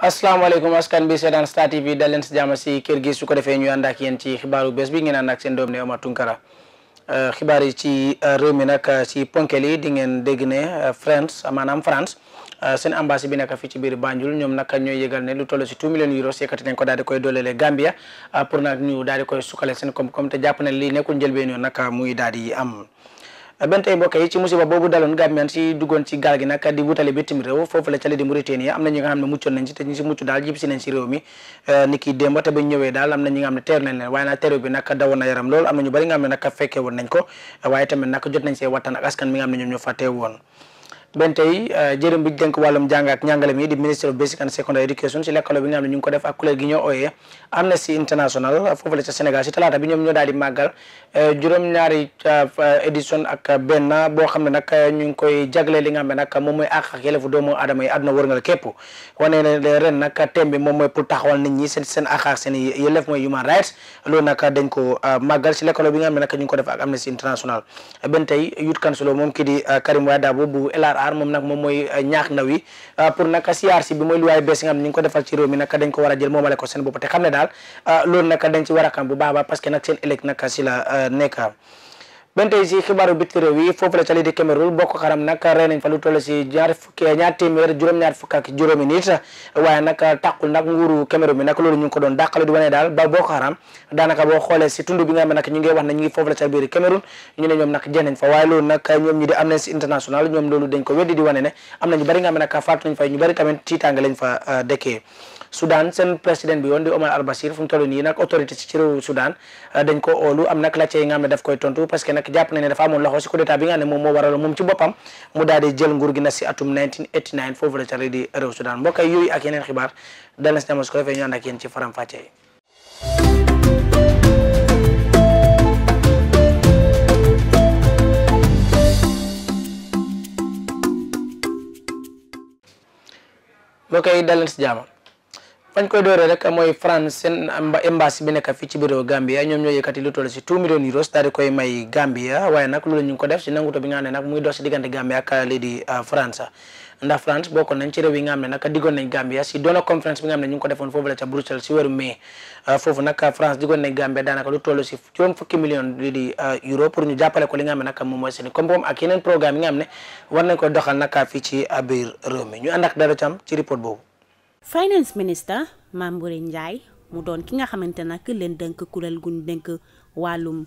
asalaamaaleykum askan bi seetaan Star TV dal leen si jàmm si kër gi su defee ñu ànd ak yéen ci xibaaru bés bi ngeen ànd ak seen doom ne Omar Tunkara euh, xibaar yi ci euh, réew mi nag euh, si ponkel yi di ngeen dégg ne France maanaam France seen ambassade bi nekk fii ci biir Banjul ñoom nag ñooy yëgal ne lu toll si 2 millions euros yëkkati ko daal di koy dooleele Gambia pour nag ñu daal di koy sukkale seen koom-koom te jàpp ne lii nekkul njëlbeen yoon nag muy daal di am. Eh, benn tey mbokk yi ci musiba boobu daloon Gambian si duggoon ci gaal gi nag di wutale bitim réew foofu la cale di Mauritanie am na ñi nga xam ne muccoon nañ si te ñi si mucc daal jib si nañ si réew mi eh, ni ki démb te bañ ñëwee daal am na ñi nga xam ne teeru nañ leen waaye nag teeru bi nag dawoon na yaram lool am na ñu bari nga xam ne nag fekkee woon nañ ko waaye tamit nag jot nañ see waxtaan ak askan mi nga ne ñoom fa teew woon benn tey euh, jërëm bi dénk wàllum jàng ak njàngale mi di ministre of basic and secondary education si lekkalo bi euh, euh, boo xam ne nag ñu ngi koy jagle li nga xam ne nag moom mooy àq ak yelleefu doomu aadama yi àdduna wërngal képp wane ne ñi seen seen àq ak seen yelleef mooy human rights loolu ko màggal si lekkalo bi nga am ne nag ñu ngi ko def ak Amnesty International benn tey Youth Council moom kii di Karim Wade bu aar moom nag moom mooy eh, ñaax ndaw yi eh, pour nag CRC bi mooy luwaay bees nga xam ni ñu ko defal ci réew mi nag dañ ko war a jël a ko seen bopp te xam ne daal eh, loolu nag dañ ci war a xam bu baax a baax parce que nag seen ëllëg nag si la nekk benn tey si xibaaru biti réew yi foofu la ca lii Cameroun Boko Haram nag rey fa lu si ñaar fukki ñaar téeméer juróom-ñaar fukk ak juróomi nit waaye nag tàqul nag nguuru Cameroun bi loolu ñu ngi ko doon dàqale di wane daal ba Boko Haram daanaka boo xoolee si tund bi nga xam ne nag ñu ngi wax ne ñu ngi foofu la ca Cameroun ñu ne ñoom nag jël fa waaye loolu nag ñoom ñu Amnesty International ñoom loolu dañ ko weddi di wane ne am nañu bari nga xam ne nag faatu nañ fa ñu bari tamit Soudan seen président bi woon di Omar al-Bashir fu mu toll nii ci réew Soudan euh, dañ ko oolu am nag laajte yi nga xam ne daf koy tontu parce que nag jàpp na ne dafa amoon loxo si coup d'état bi nga xam ne moom moo waral moom ci boppam mu daal di jël nguur gi nag si atum 1989 foofu la ca di réew Soudan mbokk yi yooyu ak yeneen xibaar dal na si dama su fañ koy dooree rek mooy France seen ñoom ñoo yëkkati lu toll si ko ne nag muy dox si diggante Gambia ak uh, lii di uh, France ndax France bokkoon nañ ci réew yi nga xam ne nag diggoon ne ñu uh, diggoon ne nag moom mooy biir réew ñu ànd dara cam ci report boobu finance minister Mame Boye Ndiaye mu doon ki nga xamante nag leen dënk kuréel guñ dënk wàllum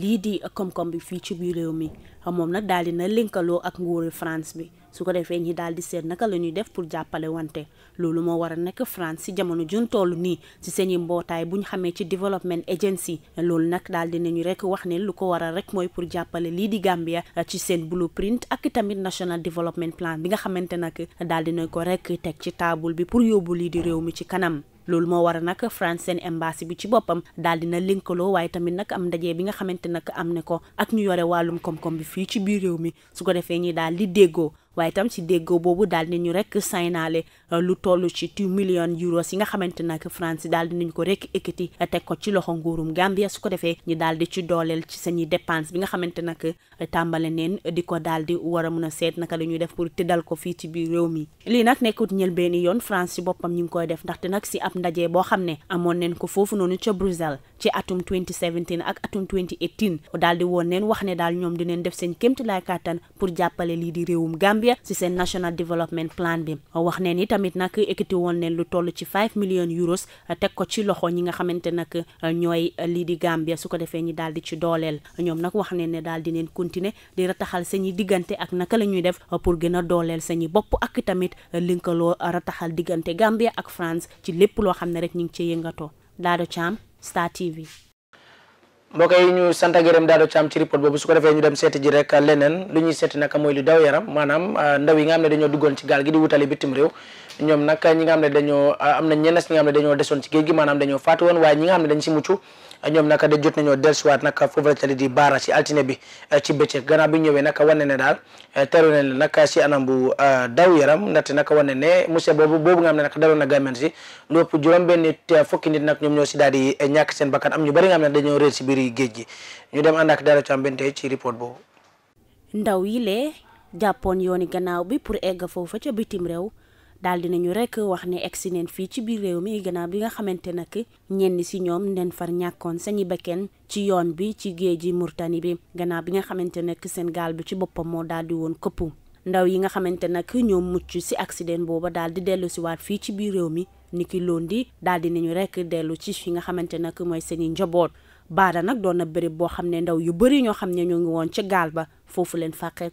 lii di koom-koom bi fii ci biir réew mi moom nag daal di na lënkaloo ak nguuru France bi su ko defee ñi daal di seet naka la ñuy def pour jàppale wante loolu moo war a nekk France si jamono jun toll nii ci seen i mbootaay bu ñu xamee ci development agency loolu nag daal dinañu rek wax ne lu ko war rek mooy pour jàppale lii di Gambia ci seen blueprint ak tamit national development plan bi nga xamante nag daal dinañ ko rek teg ci taabul bi pour yóbbu lii di réew mi ci kanam. loolu moo waral nag France seen embassy bi ci boppam daal dina lëkkaloo waaye tamit nag am ndaje bi nga xamante nag am ne ko ak ñu yore wàllum koom-koom bi fii ci biir réew mi su ko defee ñi daal déggoo waaye itam si déggoo boobu daal di ñu rek saynaale euh, lu toll ci two million euros yi nga xamante nag France daal di nañ ko rek ekkati euh, teg ko ci loxo nguurum Gambia su ko defee ñu daal di ci dooleel ci sañuy dépense bi nga xamante nag euh, tàmbale neen di ko daal di war a mun a seet la ñuy def pour tëddal ko fii ci biir réew mi lii nag nekkut ñël benn yoon France nag si ab ndaje boo xam ne amoon neen ko foofu noonu ca Bruxelles ci atum ak atum 2018 di woon neen wax ne daal ñoom dineen def seen kémti laay kàttan pour jàppale lii Gambia ci seen national development plan bi wax ne ni tamit nag ekkati woon neen lu toll ci 5 millions euros eh, teg ko ci loxo ñi nga xamante nag eh, ñooy eh, lii di Gambia su ko defee ñi daal di ci dooleel ñoom nag wax neen ne daal di neen continuer di rataxal sañuy diggante ak naka la ñuy def pour gën a dooleel sañi bopp ak tamit linkaloo rataxal diggante Gambia ak France ci lépp loo xam ne rek ñu ngi ci yëngatoo Dado Cham Star mbokk yi ñu sant ak gërëm daado caam ci report boobu su ko defee ñu dem seeti ji rek leneen lu ñuy seeti naka mooy lu daw yaram maanaam euh, ndaw yi nga xam ne dañoo duggoon ci gaal gi di wutali bitim réew ñoom nag ñi nga xam ne dañoo ah, am na ñenn ñi nga xam ne dañoo desoon ci géej gi maanaam dañoo faatu woon waaye ñi nga xam ne dañ si mucc ñoom nag da jot nañoo dellusiwaat foofu la tali baara si altine bi eh, ci bëccëg gannaaw bi ñëwee nag wane ne daal eh, teru nañ la nag si anam bu eh, daw yaram ndaxte nag wane ne monsieur boobu boobu nga xam ne nag na gàmmen si lu ëpp juróom benn nit fukki nit nag ñoom ñoo si daal di ñàkk seen bakkan am ñu bari nga xam ne dañoo réer si biir géej gi ñu dem ànd ak dara ci am benn tey ci report boobu ndaw yi lee jàppoon yooni gannaaw bi pour egg foofa ca bitim réew daal dinañu rek wax ne egsi neen fii ci biir réew mi gannaaw bi nga xamante nag ñenn si ñoom nen far ñàkkoon sañi bekken ci yoon bi ci géeji Murtani bi gannaaw bi nga xamante nag seen gaal bi ci boppam moo daal di woon këppu ndaw yi nga xamante nag ñoom mucc si accident booba daal di dellu si waat fii ci biir réew mi niki lundi daal di nañu rek dellu ci fi nga xamante nag mooy seen i njaboot baada nag doon na béréb boo xam ne ndaw yu bëri ñoo xam ne ñoo ngi woon ca gaal ba foofu leen fàqee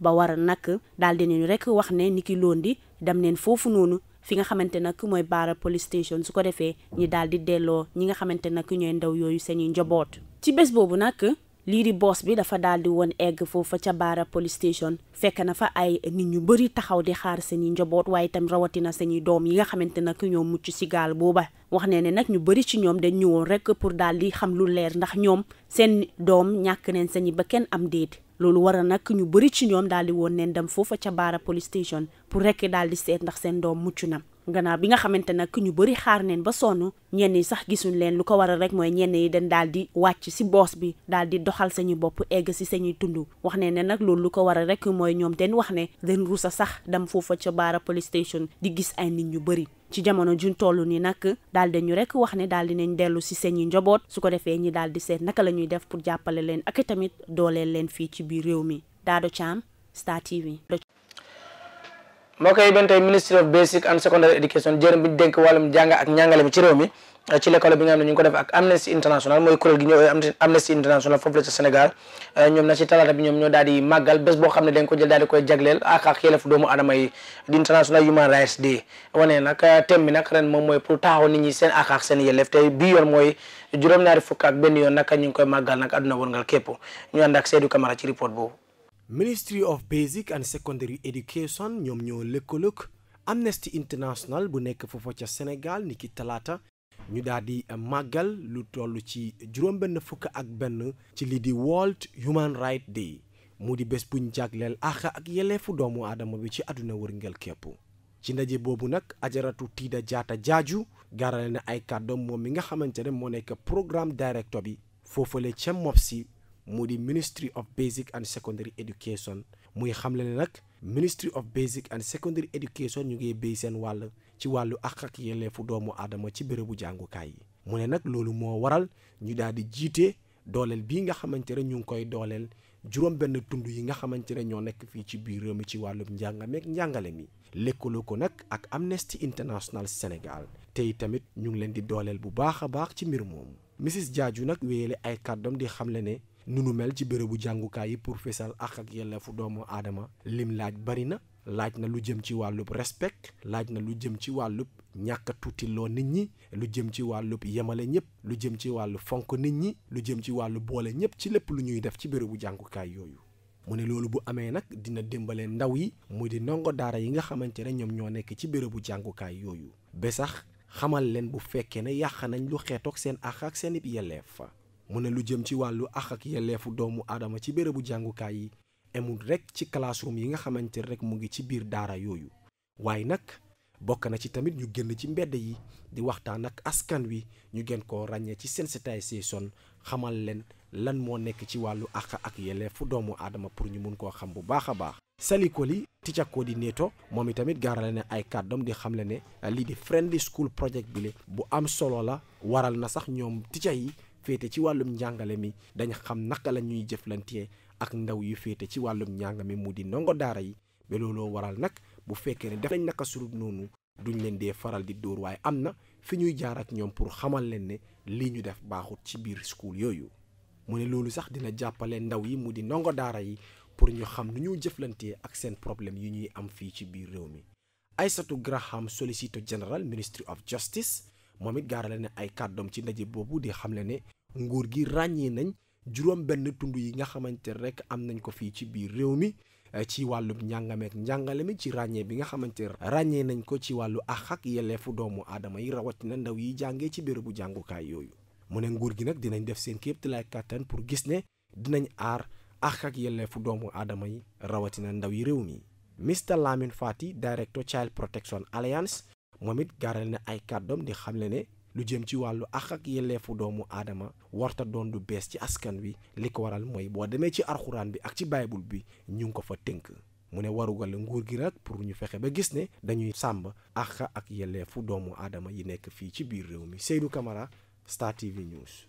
ba war a nag daal dinañu rek wax ne ni ki Londi dem neen foofu noonu fi nga xamante nag mooy Barra police station su ko defee ñi daal di delloo ñi nga xamante nag ñooy ndaw yooyu seeni njaboot. ci bés boobu nag lii di bi dafa daal di woon egg foofa ca Barra police station fekk na fa ay nit ñu bëri taxaw di xaar seeni njaboot waaye itam rawatina seeni doom yi nga xamante nag ñoo mucc si gaal booba. wax ne ne nag ñu bari ci ñoom dañ ñëwoon rek pour daal di xam lu leer ndax ñoom seen doom ñàkk neen seeni ba kenn am déet. loolu waral nag ñu bëri ci ñoom daal di woon neen dem foofa ca Barra police station pour rekk daal di seet ndax seen doom mucc na gannaaw bi nga xamante nag ñu bëri xaar neen ba sonn ñenn yi sax gisuñ leen lu ko waral rek mooy ñenn yi den daal di wàcc si boos bi daal di doxal sañu bopp egg si sañuy tund wax ne ne nag loolu lu ko waral rek mooy ñoom den wax ne den rusa sax dem foofa ca Barra police station di gis ay nit ñu bëri ci jamono juñ toll nii nag daal ñu rek wax ne daal dinañ dellu si seen i njaboot su ko defee ñi daal di seet naka la ñuy def pour jàppale leen ak tamit dooleel leen fii ci biir réew mi Dado Thiam Star moo koy ben tey ministry of basic and secondary education jërëm bi ñu dénk wàllum jàng mi ci réew mi eh, ci l'école bi nga xam ne ñu ko def Amnesty International mooy kuréel gi eh, eh, ñoom na ci talaata bi ñoom ñoo daal di màggal bés boo xam ne dañ ko jël daal di koy jagleel ak ak yelef doomu adama di International Human Rights Day wane nag thème bi nag ren moom mooy pour taxaw nit ñi seen ak ak seen yelef te bii yoon mooy juróom-ñaari fukk ak benn yoon nag ñu ngi koy màggal nag àdduna wërngal képp ñu ànd ak Ministry of Basic and Secondary Education ñoom ñoo lëkkaloog Amnesty International bu nekk foofa ca Sénégal niki talaata ñu daal di màggal lu toll ci juróom-benn ak benn ci li di World Human Rights Day mu di bés buñ jagleel àq ak yelleefu doomu aadama bi ci àdduna wërngël képp ci ndaje boobu nag ajaratu Tida Jaata Jaaju gaarale na ay kàddoom moom mi nga xamante ne moo nekk programme directeur bi foofale ca MOPSI moo di ministry of basic and secondary education muy xamle ne nag ministry of basic and secondary education ñu ngi béy seen wàll ci wàllu àq ak yelleefu doomu aadama ci bérébu jàngukaay yi mu ne nag loolu moo waral ñu daal di jiite dooleel bii nga xamante ne ñu ngi koy dooleel juróom benn tund yi nga xamante ne ñoo nekk fii ci biir réew mi ci wàllum njàngameeg njàngale mi lëkkaloo ko nag ak Amnesty International Sénégal tey tamit ñu ngi leen di dooleel bu baax a baax ci mbir moomu Mrs Diadio nag wéyale ay kàddoom di xamle ne nu mel ci bérébu jàngukaay yi pour feesal ak yelleefu doomu aadama lim laaj bari na laaj na lu jëm ci wàllub respect laaj na lu jëm ci wàllub ñàkk a tuutiloo nit ñi lu jëm ci wàllu yemale ñëpp lu jëm ci wàllu fonk nit ñi lu jëm ci wàllu boole ñëpp ci lépp lu ñuy def ci bérébu jàngukaay yooyu. mu ne loolu bu amee nag dina dimbale ndaw yi muy di ndongo daara yi nga xamante ne ñoom ñoo nekk ci bérébu jàngukaay yooyu ba sax xamal leen bu fekkee ne yàq nañ lu xeetoog seen àq ak seen yelleef fa mu ne lu jëm ci wàllu àq ak yelleefu doomu aadama ci bérébu jàngukaay yi emul rekk ci classroom yi nga xamante rek mu ngi ci biir daara yooyu waaye nag bokk na ci tamit ñu génn ci mbedd yi di waxtaan ak askan wi ñu gën koo ràññee ci sensitisation xamal leen lan moo nekk ci wàllu àq ak yelleefu doomu aadama pour ñu mun koo xam bu baax a baax. Sally Colley teacher coordinator moom itamit gaarale ne ay kàddoom di xamle ne lii di friendly school project bu am solo la waral na sax ñoom teacher yi. féete ci wàllum njàngale mi dañ xam naka la ñuy jëflantee ak ndaw yu féete ci wàllum njàng mi mu di ndongo daara yi ba looloo waral nag bu fekkee ne def nañ naka surut noonu duñ leen dee faral di dóor waaye am na fi ñuy jaar ak ñoom pour xamal leen ne lii ñu def baaxut ci biir school yooyu mu ne loolu sax dina jàppale ndaw yi mu di ndongo daara yi pour ñu xam nu ñu jëflantee ak seen problème yu ñuy am fii ci biir réew mi Aissatou Graham Solicitor General Ministry of Justice moom it gaarale ne ay kàddoom ci ndaje nguur gi ràññee nañ juróom benn tund yi nga xamante ne rek am nañ ko fii ci biir réew mi eh, ci wàllu njàngameek njàngale mi ci ràññee bi nga xamante ràññee nañ ko ci wàllu àq ak yelleefu doomu aadama yi rawatina ndaw yi jàngee ci bérébu jàngukaay yooyu mu ne nguur gi nag dinañ def seen kéemtalaay kàttan pour gis ne dinañ aar àq ak yelleefu doomu aadama yi rawatina ndaw yi réew mi Mr Lamine Fati director Child Protection Alliance moom it gaaral na ay kàddoom di xamle ne lu jëm ci wàllu àq ak yelleefu doomu aadama warta doon lu bees ci askan wi li ko waral mooy boo demee ci arxuraan bi ak ci bible bi ñu ngi ko fa tënk mu ne warugal nguur gi rek pour ñu fexe ba gis ne dañuy sàmb àq ak yelleefu doomu aadama yi nekk fii ci biir réew mi Seydou Camara Star TV News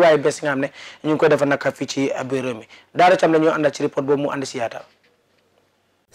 waaye bees nga xam ne ñu ngi koy defal nag fii ci biir réew mi daara cam la ñoo àndal ci report boobu mu ànd si yaatal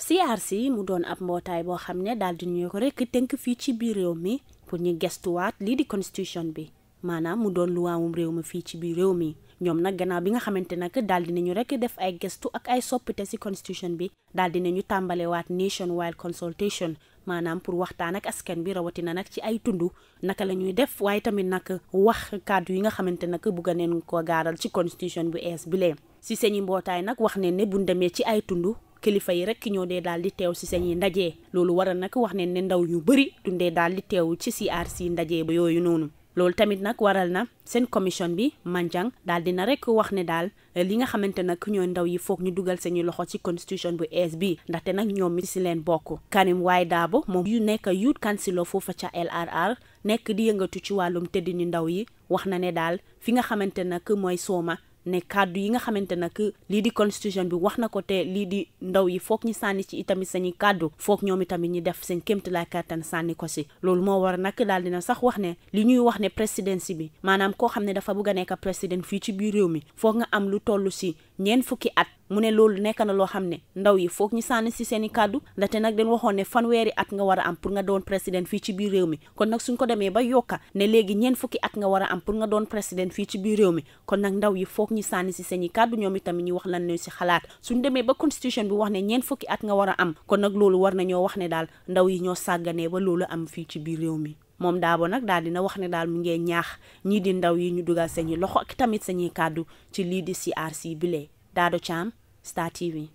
CRC mu doon ab mbootaay boo xam ne daal di ñuy ko rek tenk fii ci biir réew mi pour ñu gestuwaat lii di constitution bi maanaam mu doon luwaamum réew mi fii ci biir réew mi ñoom nag gannaaw bi nga xamante nag daal di nañu rek def ay gestu ak ay soppite si constitution bi daal di nañu tàmbalewaat nationwide consultation maanaam pour waxtaan ak askan bi rawatina nag ci ay tund naka la ñuy def waaye tamit nag wax kàddu yi nga xamante nag bugga neen ko gaaral ci constitution bu ees bilee lee si seen i mbootaay nag wax ne ne buñ demee ci ay tund kilifa yi rek ñoo dee daal di teew si yi ndaje loolu waral nag wax ne ne ndaw yu bëri dundee daal di teew ci CRC ndaje ba yooyu noonu loolu tamit nag waral na seen commission bi Manjang daal na rek wax ne daal eh, li nga xamante nag ñooy ndaw yi foog ñu dugal seeni loxo ci constitution bu ees bi ndaxte nag ñoom ci si leen bokk Karim Waye daabo moom yu nekk youth councilor foofa ca LRR nekk di yëngatu ci wàllum tëddini ndaw yi wax na ne daal fi nga xamante nag mooy sooma ne kàddu yi nga xamante nag lii di constitution bi wax na ko te lii di ndaw yi foog ñu sànni ci itamit sañuy kàddu foog ñoom itamit ñi def seen kéemtalaay kàttan sànni ko si loolu moo war nag daal di na sax wax ne li ñuy wax ne présidence bi maanaam koo xam ne dafa bëgg a nekk président fii ci biir réew mi foog nga am lu toll si ñeent fukki at mu ne loolu nekk na loo xam ne ndaw yi foog ñu sànni si seen i kàddu ndaxte nag dañ waxoon ne fanweeri at nga war a am pour nga doon président fii ci biir réew mi kon nag suñ ko demee ba yokka ne léegi ñeent fukki at nga war a am nga doon fii ci biir réew mi kon nag ndaw yi foog ñi sànni si seen i kàddu ñoom itamit ñu wax lan lañ si xalaat suñ demee ba constitution bi wax ne ñeent fukki at nga war am kon nag loolu war na ñoo wax ne daal ndaw yi ñoo sàgganee ba loolu am fii ci biir réew mi moom Dabo nag daal dina wax ne daal mu ngee ñaax ñii di ndaw yi ñu dugal seeni loxo ak tamit sañuy kàddu ci lii di CRC bile Dado Thiam Star TV.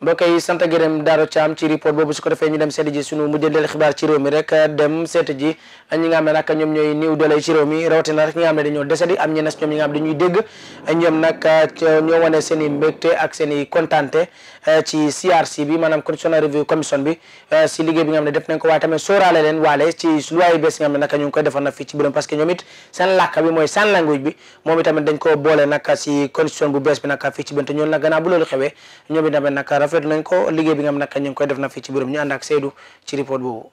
mbokk yi sant gërëm Dado Thiam ci report boobu su ko defee ñu dem seeti ji sunu mujjëndeel xibaar ci réew mi rek dem seeti ji ñi nga xam ne nag ñoom ñooy néew doole ci réew mi rawatina rek ñi am xam ne dañoo desedi am ñeneen ñoom ñi nga xam dañuy dégg ñoom nag ñoo wane seen i mbégte ak seen i kontaante Eh, ci CRC bi maanaam constitutional review commission bi eh, si liggéey bi nga xam ne def nañ ko waaye tamit sóoraale leen waale ci loi yu bees yi nga xam ne naka ñu ngi koy defoon na fii ci biiram parce que ñoom it ko boole nañ na fii ci biiram ñu ànd ak Seydou ci report boobu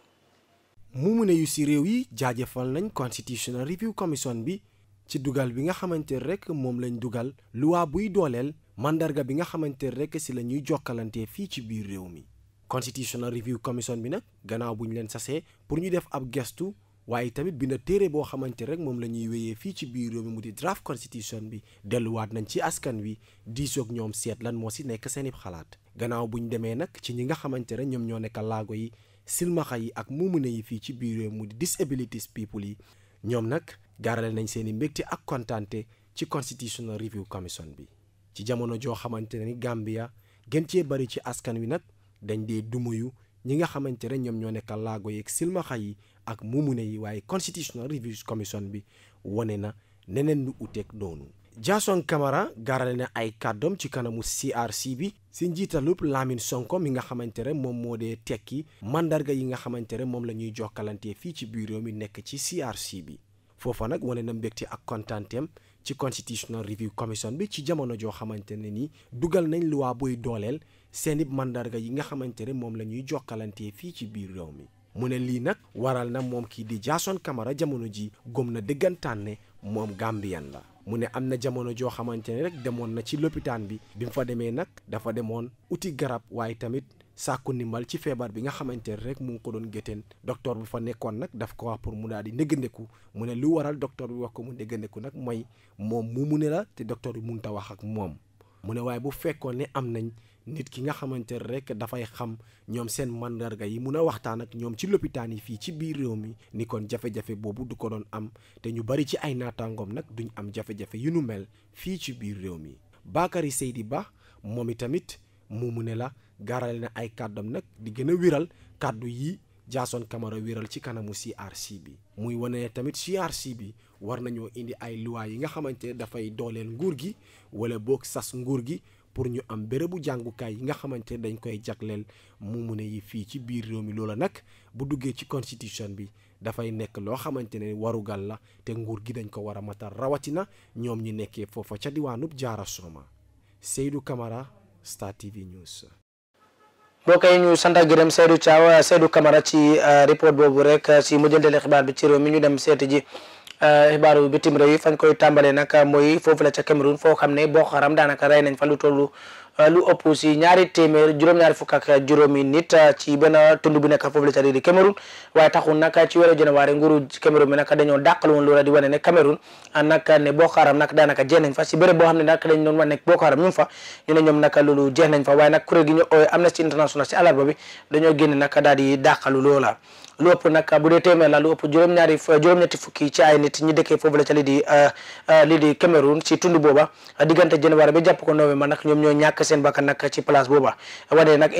mu ne yu si réew yi jaajëfal nañ constitutional review commission bi ci dugal bi nga xamante rek moom lañ dugal lu loi buy dooleel mandarga bi nga xamante rek si la ñuy jokkalante fii ci biir réew mi constitutional review commission bi nag gannaaw bu ñu leen sasee pour ñu def ab gestu waaye tamit bind téere boo xamante rek moom la ñuy wéyee fii ci biir réew mi mu di draft constitution bi delluwaat nañ ci askan wi diisoog ñoom seet lan moo si nekk seen i xalaat gannaaw bu ñu demee nag ci ñi nga xamante rek ñoom ñoo nekk laago yi silmaxa yi ak mumune yi fii ci biir réew mu di disabilities people yi ñoom nag gaarale nañ seen i mbégte ak kontaante ci constitutional review commission bi ci jamono joo xamante ni Gambia gën cee bari ci askan wi nag dañ dee dumuyu ñi nga xamante ne ñoom ñoo nekk laago yeeg silmaxa yi ak mumune yi waaye constitutional review commission bi wane na neneen lu uteeg doonu. Jason Camara gaarale na ay kàddoom ci kanamu CRC bi si njiitalu Lamine Sonko mi nga xamante ne moom moo dee tekki màndarga yi nga xamante ne moom la ñuy jokkalante fii ci bureau mi nekk ci CRC bi foofa nag wane na mbégte ak kontaanteem ci constitutional review commission bi ci jamono joo xamante ne ni dugal nañ luwaa buy dooleel seeni màndarga yi nga xamante ne moom la ñuy jokkalantee fii ci biir réew mi mu ne lii nag waral na moom kii di Jason kamara jamono ji gom na dëggantaan ne moom Gambien la mu ne am na jamono joo xamante ne rek demoon na ci loppitaan bi bi mu fa demee nag dafa demoon uti garab waaye tamit sàkku ndimbal ci feebar bi nga xamante ne rek mu ngi ko doon gétteen docteur bu fa nekkoon nag daf ko wax pour mu daal di néggandeku mu ne lu waral docteur bi wax ko mu néggandeku nag mooy moom mu mu ne la te docteur bi mënut a wax ak moom mu ne waaye bu fekkoon ne am nañ nit ki nga xamante ne rek dafay xam ñoom seen mandarga yi mun a waxtaan ak ñoom ci loppitaan yi fii ci biir réew mi ni kon jafe-jafe boobu du ko doon am te ñu bari ci ay naataangoom nag duñ am jafe-jafe yu nu mel fii ci biir réew mi Bakary Seydi Ba moom itamit moomu ne la gaarale na ay kàddam nag di gën a wiral kàddu yi jaason Camara wiral ci kanamu CRC bi muy wane ne tamit CRC bi war nañoo indi ay luwaay yi nga xamante ne dafay dooleel nguur gi wala boog sas nguur gi pour ñu am bérébu jàngukaay yi nga xamante ne dañ koy jagleel moomu ne yi fii ci biir réew mi loola nag bu duggee ci constitution bi dafay nekk loo xamante ne warugal la te nguur gi dañ ko war a matal rawatina ñoom ñi nekkee foofa ca diwaanub jaara Soma Seydou Camara Star TV News. boo koy ñu sant ak gërëm Seydou Thiaw Seydou Camara ci euh, report boobu rek euh, ci mujjanteli xibaar bi ci réew mi ñu dem seeti ji. Euh, xibaaru bitim réew yi fañ koy tàmbalee nag mooy foofu la ca Cameroun foo xam ne Boko Haram daanaka rey nañ fa lu tollu euh, lu ëpp si ñaari téeméer juróom-ñaari fukk ak juróomi nit euh, ci benn tund bu nekk foofu la ca réew di Cameroun waaye taxul nag ci weeru janvier nguuru Cameroun bi nag dañoo dàqal woon loola di wane ne Cameroun nag ne Boko Haram nag daanaka jeex fa si béréb boo xam ne nag dañ doon wane ne Boko Haram ñu fa ñu ne ñoom nag loolu jeex nañ fa waaye nag kuréel gi ñu ooyee Amnesty International lu ëpp nag bu dee téeméer la lu ëpp juróom-ñaari nit ñi dëkkee foofu la ca lii di euh, euh, lii di Cameroun ko novembre ñoo ñàkk seen bakkan nag ci place booba wane nag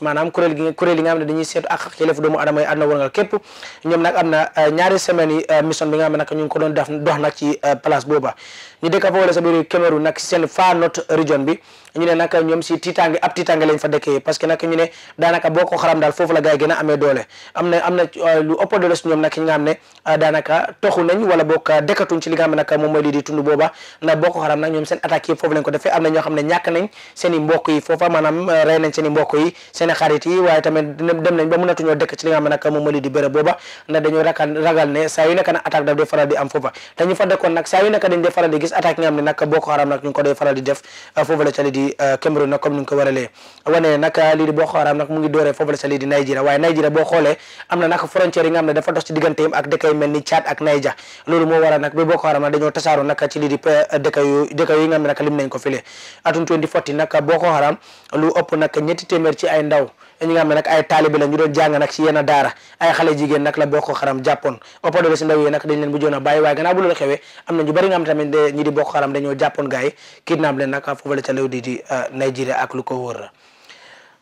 maanaam kuréel gi kuréel yi nga xam ne dañuy seetu ak ñoom na euh, ñaari semaine yi mission bi nga ne nag ngi ko doon def dox nag ci place booba ñu dëkk foofu la bi ñu ne nag ñoom si tiitaange ab tiitaange lañ fa dëkkee parce que nag ñu ne daanaka boo ko xaram daal foofu la gaay gën a amee doole am na am na euh, lu ëpp doole si ñoom nag nga xam ne euh, daanaka toxu nañ wala boog euh, dekkatuñ ci ñu ko dee faral di def foofu la ca lii di Cameroun nag comme ni nga wane nag lii di Boko Haram mu ngi dooree foofu la ca Nigeria waaye Nigeria boo xool xoolee am na nag frontière yi nga xam ne dafa dox ci digganteem ak dëkk yu mel ni Tchad ak Niger loolu moo waral nag ba Boko Haram eh, ko file nag Boko Haram lu ëpp nag ñetti téeméer ci ay ndaw ñi nga xam ne nag ay taalibe la ñu doon jàng nak ci yenn daara ay xale jigéen nag la Boko Haram jàppoon ëpp doole si ndaw yi nag dañ leen mujjoon a bàyyi waaye gannaaw bu loolu xewee am na ñu bari nga xam tamit ñi di Boko Haram dañoo jàppoon gars yi kidnapp leen nag foofale ca réew di di eh,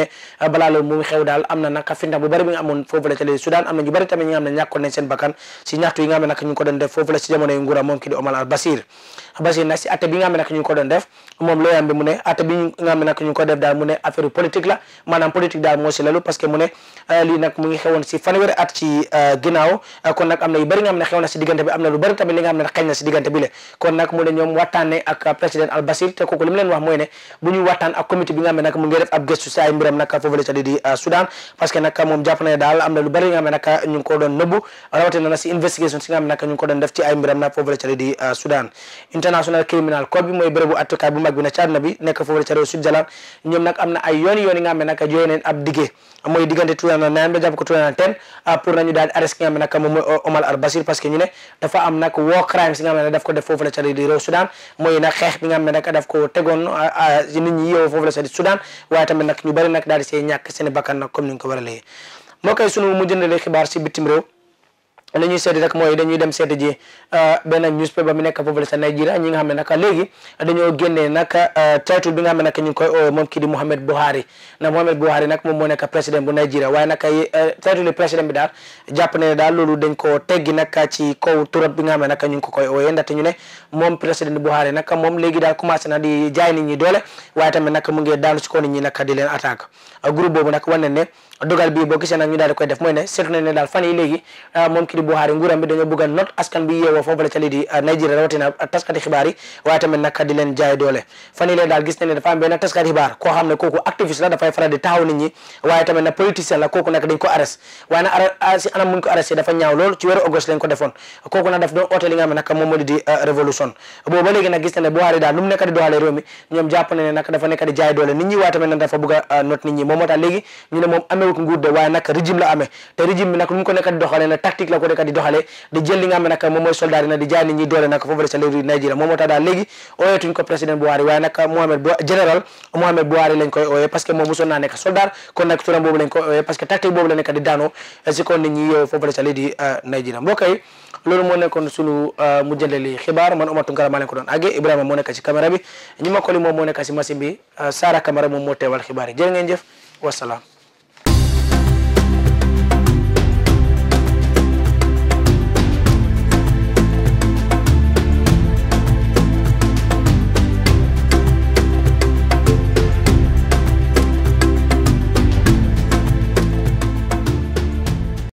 ne balaa loolu mu xew daal am na nag fintax bu bëri bi nga amoon foofu la ca am na ñu bëri tamit nga xam ne ñàkkoon seen bakkan si ñaxtu yi nga xam ne nag ñu ko doon def foofu la si jamonoy nguuram moom ki di Omar al Bashir Bachir nag si nga xam ne nag ñu ngi bi mu ne atte bi nga xam ne nag ñu ngi ko def daal mu ne ne euh, lii nag mu ngi xewoon si fanweeri euh, euh, am na yu bëri nga xam ne xew na si diggante bi am na lu bëri tamit li nga xam ne na si le kon nag mu ne ñoom waxtaanee ak président Al Bashir te kooku li mu leen wax mooy ne bu ñu waxtaan ak comité bi nga ay mbiram nag foofu la di di Soudan na ne daal am na lu na si investigation ci ay mbiram international criminal court bi mooy bërëbu attukaay bu mag bi na ci bi nekk foofu la ca réew Switzerland ñoom ab diggee mooy diggante 2009 ba jàpp ko 2010 ah, pour crimes nga ne daf ko daf ko tegoon ah, ah, nit ñi yow foofu la ca di waaye tamit nag ñu bëri nag daal see ñàkk seen bakkan nag comme ni ñu ko war a léegi moo koy sunu mu jëndale xibaar si bitim réew la ñuy seeti rek mooy dañuy dem seeti ji euh, benn newspaper bi nekk foofule sa euh, moom kii di Buhari na moom euh, ko teggi nag ci kaw turab bi nga xam moom président Buhari nag moom léegi daal commencé na di jaay nit ñi doole waaye tamit nag mu ngi ko nit ñi nag di leen ne dogal ne ne daal fan yi léegi moom di Buhari nguuram bi dañoo bëgg a not askan bi yeewoo foofule ca lii di uh, Nigeria rawatina uh, taskati xibaar yi waaye tamit nag di leen jaay doole fan yi leen daal gis nañ ne dafa am benn taskati xibaar koo xam ne kooku activiste la dafay faral di taxaw nit ñi waaye tamit nag politicien la kooku nag dañ ko arrest waaye nag ar ah, si anam muñ ko arresté dafa ñaaw lool ci weeru auguste lañ ko defoon kooku nag daf doon oote li nga xam ne nag moom moo di di uh, révolution boobu ba léegi nag gis nañ ne Buhari daal lu mu nekk di doxalee réew mi ñoom jàpp na ne nag dafa nekk di jaay doole nit ñi waaye tamit nag dafa bëgg a not nit ñi moom moo tax léegi ñu ne moom amewut nguur de waaye nag régime la amee te régime bi nag lu mu ko nekk di doxalee ne tactique la ko ko nekk di doxalee di nga xam ne nag moom mooy soldat ñi doole nag foofu sa léegi Nigeria moom moo tax daal léegi ooyetuñ ko président Buhari waaye nag Mohamed Buhari général Mohamed Buhari lañ koy ooyee parce que moom mosoon naa nekk kon nag turam boobu lañ koy ooyee parce que tactique boobu la nekk di daanoo eh, si kon nit ñi eh, foofu sa léegi eh, Nigeria mbokk yi loolu moo nekkoon moo nekk si caméra bi ñi ma ko moo nekk si machine bi Sara